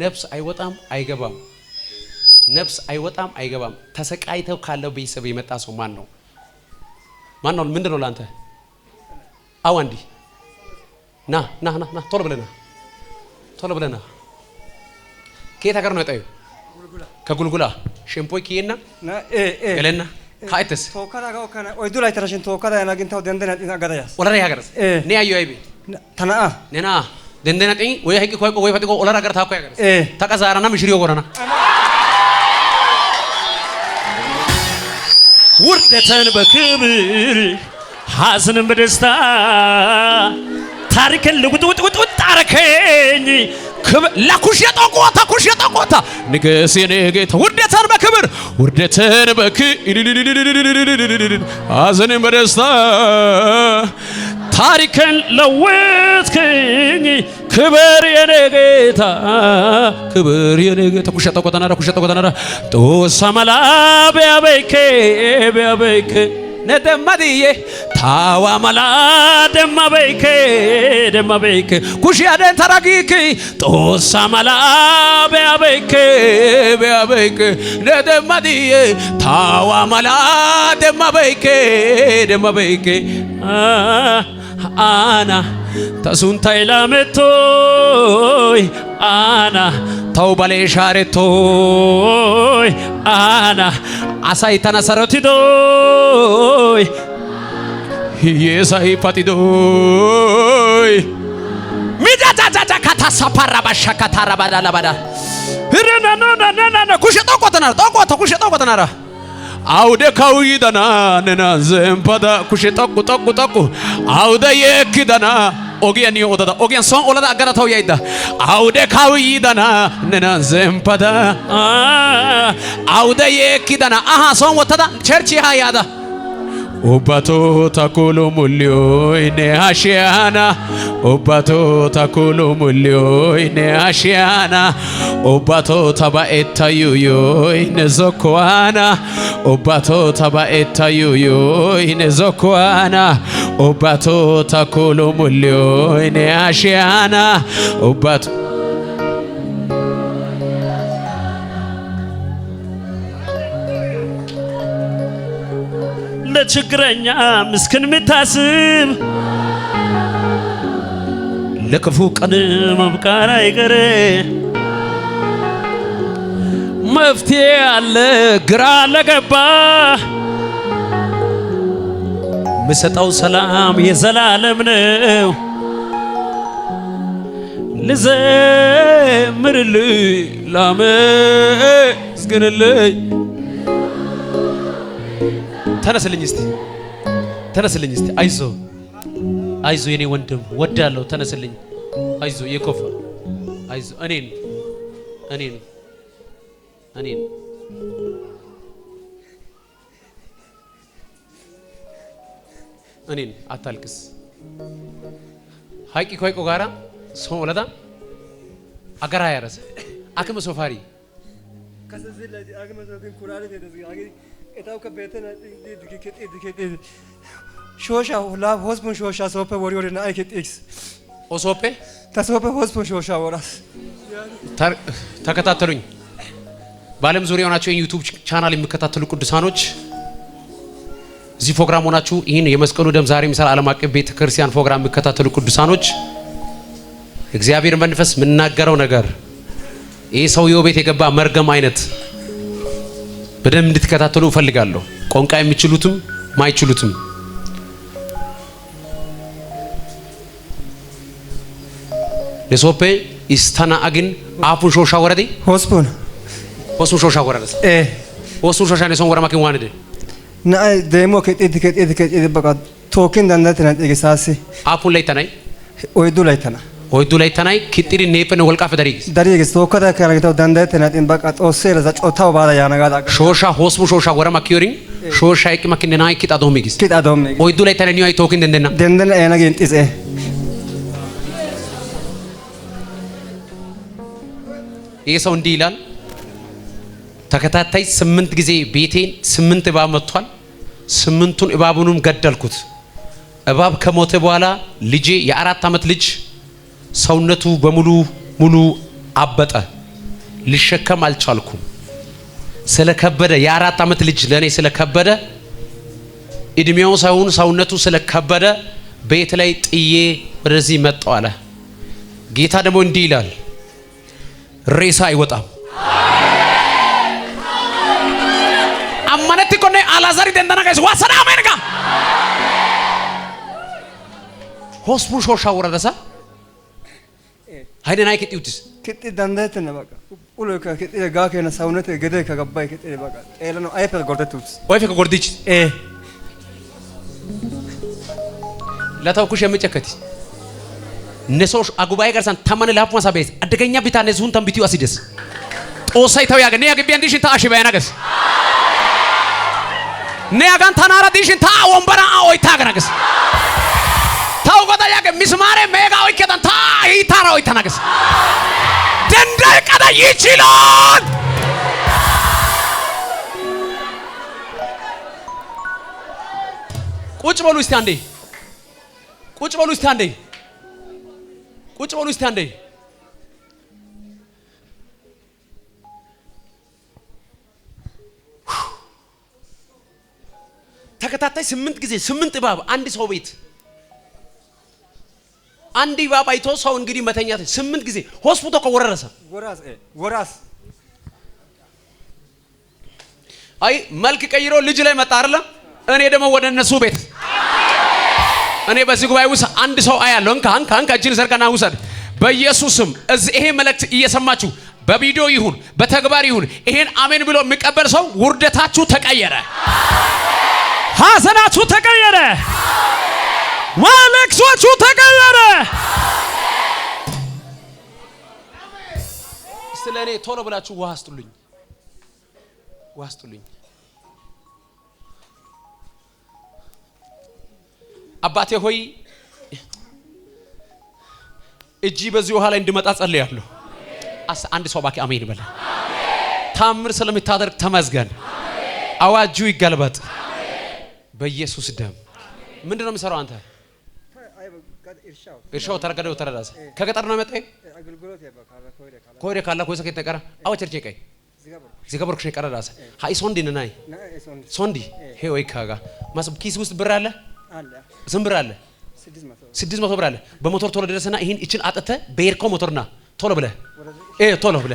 ነፍስ አይወጣም አይገባም። ነፍስ አይወጣም አይገባም። ተሰቃይተው ካለው ቤተሰብ የመጣ ሰው ማን ነው? ማን ነው? ምንድን ነው ለአንተ? አዎ አንዲ ና ና ና ና ቶሎ ብለና ቶሎ ብለና። ከየት ሀገር ነው የጠዩ? ከጉልጉላ ሽምፖይ ኪየና ገለና ካይተስ ተወከዳ ጋው ኦይዱ ላይ ተረሽን ተወከዳ ያናግንታው ደንደን አጋዳያስ ወለራ ያገረስ ኔ ያዩ አይቤ ተናአ ነና ደንደናቀኝ ወይ ሀይቅ ኮይቆ ወይ ፈጥቆ ኦለራ ገርታ ኮይ ገርስ ተቀዛራና ምሽሪዮ ጎረና ውርደትን በክብር ሐዘንን በደስታ ታሪክን ልውጥ ውጥ ውጥ ውጥ አረከኝ ለኩሽ የጠቆታ ኩሽ የጠቆታ ንገስ የኔ ጌታ ውርደትን በክብር ውርደትን በክ ሐዘንን በደስታ ታሪክን ለወጥክኝ ክብር የኔ ጌታ ክብር የኔ ጌታ ኩሸተ ኮተናራ ኩሸተ ኮተናራ ጦሰመላ ቢያበይኬ ቢያበይኬ ነደመድዬ ታዋ መላ ደማ በይኬ ተራጊክ ጦሳ መላ በያ በይኬ በያ በይኬ ነደመድዬ ታዋ መላ ደማ በይኬ ደማ አና ተሱንታይ ላመቶይ አና ተው በሌ ሻሬቶይ አና አሳይ ተነሰረቲዶይ የሳይ ፈጢዶይ ሚዳዳዳዳ ከታሰፓራ ባሻ ከታራ ባዳላ ባዳ ኩሽ ጦቆተናራ ጦቆተ ኩሽ ጦቆተናራ አውደ ካውይደና ንና ዘንፓዳ ኩሽ ጠቁ ጠቁ ጠቁ አውደ የክደና ኦጌን ኦደዳ ኦጌን ሶን ኦለዳ አገዳ ታው ያይዳ አውደ ካውይደና ንና ዘንፓዳ አውደ የክደና አሃ ሶን ወተዳ ቸርች ሃ ಒಬ್ಬತೋತ ಕೂಲು ಮುಲ್ಯೋ ಇನ್ನೆ ಆಶಿಯಾನ ಒಬ್ಬತೋತ ಕೂಲು ಮುಲ್ಯೋ ಇನ್ನೆ ಆಶಿಯಾನ ಒಬ್ಬತೋತ ಬ ಎತ್ತಯುಯೋ ಇನ್ನೆ ಜೊಕ್ವಾನ ಒಬ್ಬತೋತ ಬ ಎತ್ತಯುಯೋ ಇನ್ನೆ ಜೊಕ್ವಾನ ಒಬ್ಬತೋತ ಕೂಲು ಮುಲ್ಯೋ ಇನ್ನೆ ಆಶಿಯಾನ ಒಬ್ಬತೋ ለችግረኛ ምስክን የምታስብ ለክፉ ቀን መብቃር አይቀር መፍትሄ አለ ግራ ለገባ ምሰጠው ሰላም የዘላለም ነው። ልዘምርልኝ ላመስግንልኝ ተነስልኝ እስቲ ተነስልኝ እስቲ አይዞ አይዞ የኔ ወንድም ወዳለሁ ተነስልኝ አይዞ የኮፋ አይዞ እኔን እኔን እኔን እኔን አታልቅስ ሀይቂ ኮይቆ ጋራ ሰው ወለዳ አገራ ያረሰ አክመ ሶፋሪ এটাও কে বেতন দিকে খেতে দিকে শোষা লা হোসপুন শোষা সোপে ওরি ওরি ሾሻ ወራስ ተከታተሉኝ። በዓለም ዙሪያ ሆናችሁ ዩቱብ ቻናል የሚከታተሉ ቅዱሳኖች እዚህ ፕሮግራም ሆናችሁ ይህን የመስቀሉ ደም ዛሬ የሚሰራ ዓለም አቀፍ ቤተ ክርስቲያን ፕሮግራም የሚከታተሉ ቅዱሳኖች እግዚአብሔር መንፈስ የምናገረው ነገር ይህ ሰውየው ቤት የገባ መርገም አይነት በደንብ እንድትከታተሉ እፈልጋለሁ። ቋንቋ የሚችሉትም ማይችሉትም ለሶፔ ኢስተና አግን አፉ ሾሻ ወረዴ ሆስፑን ሆስፑን ሾሻ ወረደ እ ሆስፑን ሾሻ ነሶን ወራ ማኪን ዋንደ ና ደሞ ከጤት ከጤት ከጤት በቃ ቶኪን ዳንዳት ና ጤገሳሲ አፉን ላይ ተናይ ወይዱ ላይ ተናይ oyddu layttanay kixxidi neeppenne wolqqaappe dariigis. Dariigis tookkada kiyanaagetawu danddayettenaatin baqa xoossee lasa cottawu baada yaanagaadaa. Shooshaa hospun shooshaa wara makkiyorin shooshaa eqqi makkindenaa kixaa doommigis. Kixaa doommigis. Oyddu layttanay niyo ay tookin denddenna. Denddenna eena gin xis'ee. ይህ ሰው እንዲህ ይላል። ተከታታይ ስምንት ጊዜ ቤቴን ስምንት እባብ መጥቷል። ስምንቱን እባቡንም ገደልኩት። እባብ ከሞተ በኋላ ልጄ የአራት ዓመት ልጅ ሰውነቱ በሙሉ ሙሉ አበጠ። ልሸከም አልቻልኩም። ስለከበደ የአራት ዓመት ልጅ ለእኔ ስለከበደ እድሜው ሳይሆን ሰውነቱ ስለከበደ ቤት ላይ ጥዬ ወደዚህ መጣው አለ። ጌታ ደግሞ እንዲህ ይላል፣ ሬሳ አይወጣም። አማነት ኮነ አላዛሪ ደንደና ዋሰና ሆስቡ ሾሻ ወረደሳ Hayden ay kixi uttis. Kixi dandeettenne baqa. Ulo ka kixi gaa keena saunete gede ka gabbay kixi baqa. Xeelano ayfe ka gordetti uttis. Ayfe ka gordichi. Ee. ለተው ኩሽ የምጨከቲ ነሶሽ አጉባኤ ገርሳን ተመን ላፍማ ሳቤት አደገኛ ቢታ ነሱን ተንቢቲው አሲደስ ጦሳይ ተው ያገ ነያ ግቢ አንዲሽን ታሽ ባያናገስ ነያ ጋን ተናራ ዲሽን ታ ወንበራ ሰራዊት ተናገስ። ድንጋይ ቀዳይ ይችላል። ቁጭ በሉ እስቲ አንዴ። ቁጭ በሉ እስቲ አንዴ። ቁጭ በሉ እስቲ አንዴ። ተከታታይ ስምንት ጊዜ ስምንት እባብ አንድ ሰው ቤት አንድ እባብ አይቶ ሰው እንግዲህ መተኛት ስምንት ጊዜ ሆስፒቶ ከወረረሰ ወራስ አይ መልክ ቀይሮ ልጅ ላይ መጣ አይደለም። እኔ ደግሞ ወደ እነሱ ቤት እኔ በዚህ ጉባኤ ውስጥ አንድ ሰው አያለሁ። እንካ እንካ እንካ፣ እጅን ዘርጋና ውሰድ። በኢየሱስም እዚህ ይሄ መልእክት እየሰማችሁ በቪዲዮ ይሁን በተግባር ይሁን ይሄን አሜን ብሎ የሚቀበል ሰው ውርደታችሁ ተቀየረ፣ ሀዘናችሁ ተቀየረ። ወለቅሶቹ ተቀየረ። ስለ እኔ ቶሎ ብላችሁ ውሃ አስጡልኝ፣ ውሃ አስጡልኝ። አባቴ ሆይ እጅ በዚህ ውሃ ላይ እንድመጣ ጸልያለሁ። አንድ ሰው ባኪ አሜን በለ። ታምር ስለምታደርግ ተመዝገን። አዋጁ ይገልበጥ በኢየሱስ ደም። ምንድን ነው የሚሰራው አንተ እርሻው ተረገደው ተረዳሰ ከገጠር ነው የመጣኝ ኮይደ ካላ ኮይሰ ከተቀረ አው ቸርቼ ቀይ ክሽ ቀረዳሰ ሀይ ሶንዲ ነናይ ሶንዲ ሄ ወይ ካጋ ማስብ ኪስ ውስጥ ብር አለ ዝም ብር አለ ስድስት መቶ ብር አለ በሞተር ቶሎ ደረሰና ይህን ይችን አጠተ በኤርኮ ሞተርና ቶሎ ብለ ቶሎ ብለ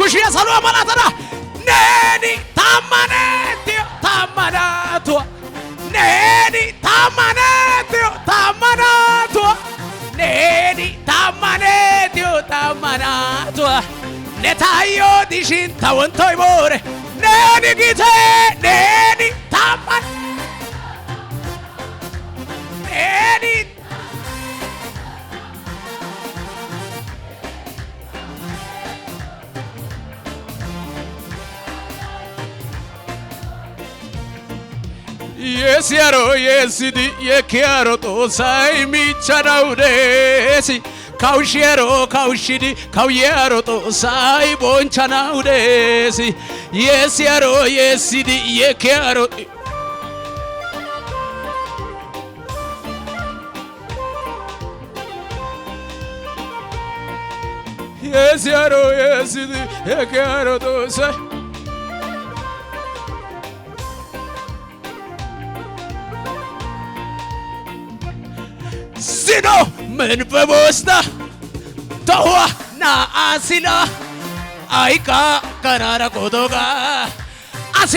ኩሽየ ሰሎ መላተዳ ነኒ ታማነት ታማናቱ ነኒ ታማነት ታማናቱ ነኒ ታማነት ታማናቱ ነታዮ ዲሽን ተወንቶይ ቦረ ነኒ ጊቴ ነኒ ታማ ነኒ 예시야로 예시디 예케야로 또 사이미 차라우레시 카우시야로 카우시디 카우야로 또 사이 본 차나우레시 예시야로 예시디 예케야로 예시야로 예시디 예케야로 또 사이 መንበቦስታ ተዋ ናአሲና አይቃ ከናና ቆቶጋ አሲ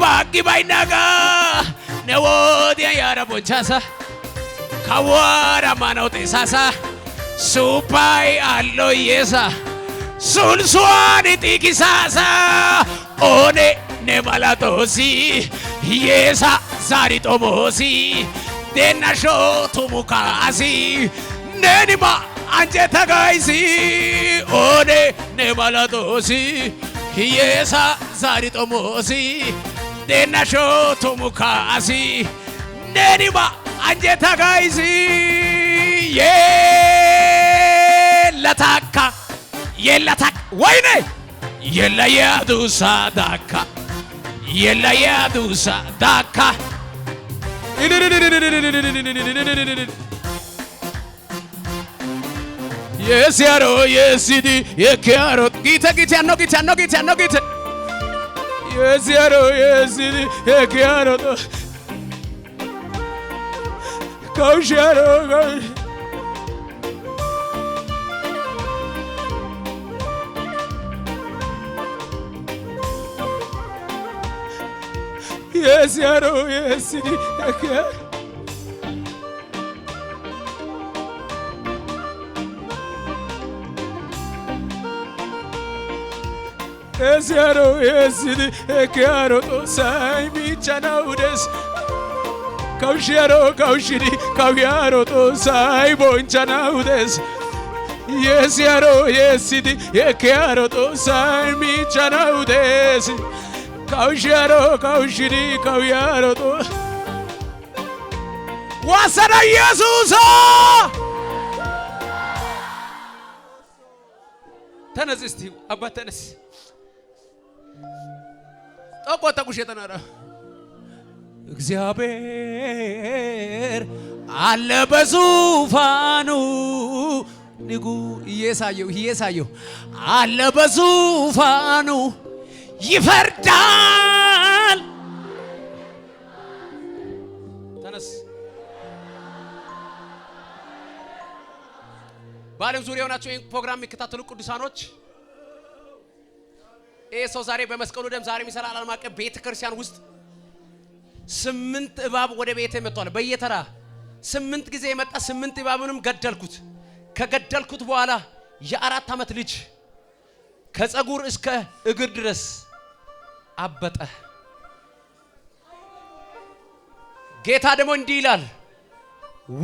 ባቂ ባይናጋ ነወዲያ ያረ ቦንቻሳ ካዋራ ማናው ጤሳሳ ሱፓይ አሎዬሳ ሱልሷን ጢቂሳሳ ኦኔ ኔማላቶሲ ሂዬሳ ዛሪ ጦሞሲ ዴናሾ ቱሙካሲ ኡኔኒማ አንጀ ተጋይሲ ኦኔ ኔማላጦሲ ሂዬሳ ዛሪ ጦሞሲ ዴናሾ ቶሙካሲ ኔኒማ አንጀ ተጋይሲ የለታካ የለታካ ወይኔ የለያዱሳ ዳካ የለያዱሳ ዳካ Yes, yaro, yes, idi, ye chiaro. Gita, gita, no gita, no gita, no gita. Yes, yaro, yes, idi, ye chiaro. Caugiaro, caugiaro. Yes, Yaro, yes, I can. que sai chanaudes. Ezero ezili ekero tosai michana udes Kaushiro kaushiri kauyaro tosai bonchana udes Yesiaro yesidi ekero tosai michana udes Kaushiro kaushiri kauyaro to Wasana Jesus! Oh! ተነስ እስቲ አባት ተነስ ጠቆጠቁ ሸጠናራ እግዚአብሔር አለ በዙፋኑ ንጉ እየሳየው እየሳየው አለ በዙፋኑ ይፈርዳል። ተነስ በዓለም ዙሪያ የሆናቸው ይህን ፕሮግራም የሚከታተሉ ቅዱሳኖች ይህ ሰው ዛሬ በመስቀሉ ደም ዛሬ የሚሰራ ዓለም አቀፍ ቤተ ክርስቲያን ውስጥ ስምንት እባብ ወደ ቤት መጥቷል። በየተራ ስምንት ጊዜ የመጣ ስምንት እባብንም ገደልኩት። ከገደልኩት በኋላ የአራት ዓመት ልጅ ከፀጉር እስከ እግር ድረስ አበጠ። ጌታ ደግሞ እንዲህ ይላል፣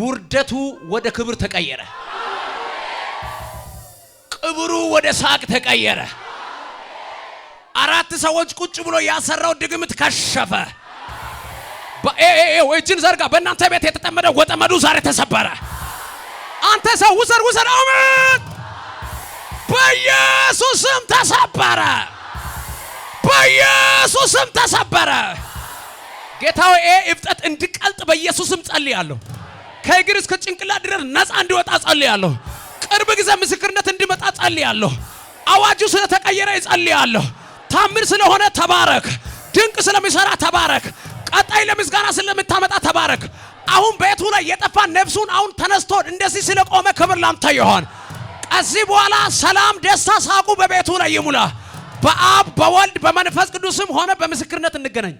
ውርደቱ ወደ ክብር ተቀየረ፣ ቅብሩ ወደ ሳቅ ተቀየረ። አራት ሰዎች ቁጭ ብሎ ያሰራው ድግምት ከሸፈ። እጅን ዘርጋ። በእናንተ ቤት የተጠመደ ወጠመዱ ዛሬ ተሰበረ። አንተ ሰው ውሰድ፣ ውሰድ። አሜን። በኢየሱስም ተሰበረ። በኢየሱስም ተሰበረ። ጌታ ሆይ ይሄ እብጠት እንዲቀልጥ በኢየሱስም ጸልያለሁ። ከእግር እስከ ጭንቅላት ድረስ ነፃ እንዲወጣ ጸልያለሁ። ቅርብ ጊዜ ምስክርነት እንዲመጣ ጸልያለሁ። አዋጁ ስለተቀየረ ይጸልያለሁ። ታምር ስለሆነ ተባረክ። ድንቅ ስለሚሰራ ተባረክ። ቀጣይ ለምስጋና ስለምታመጣ ተባረክ። አሁን ቤቱ ላይ የጠፋ ነፍሱን አሁን ተነስቶ እንደዚህ ስለቆመ ክብር ላንተ ይሆን። ከዚህ በኋላ ሰላም፣ ደስታ፣ ሳቁ በቤቱ ላይ ይሙላ። በአብ በወልድ በመንፈስ ቅዱስም ሆነ በምስክርነት እንገናኝ።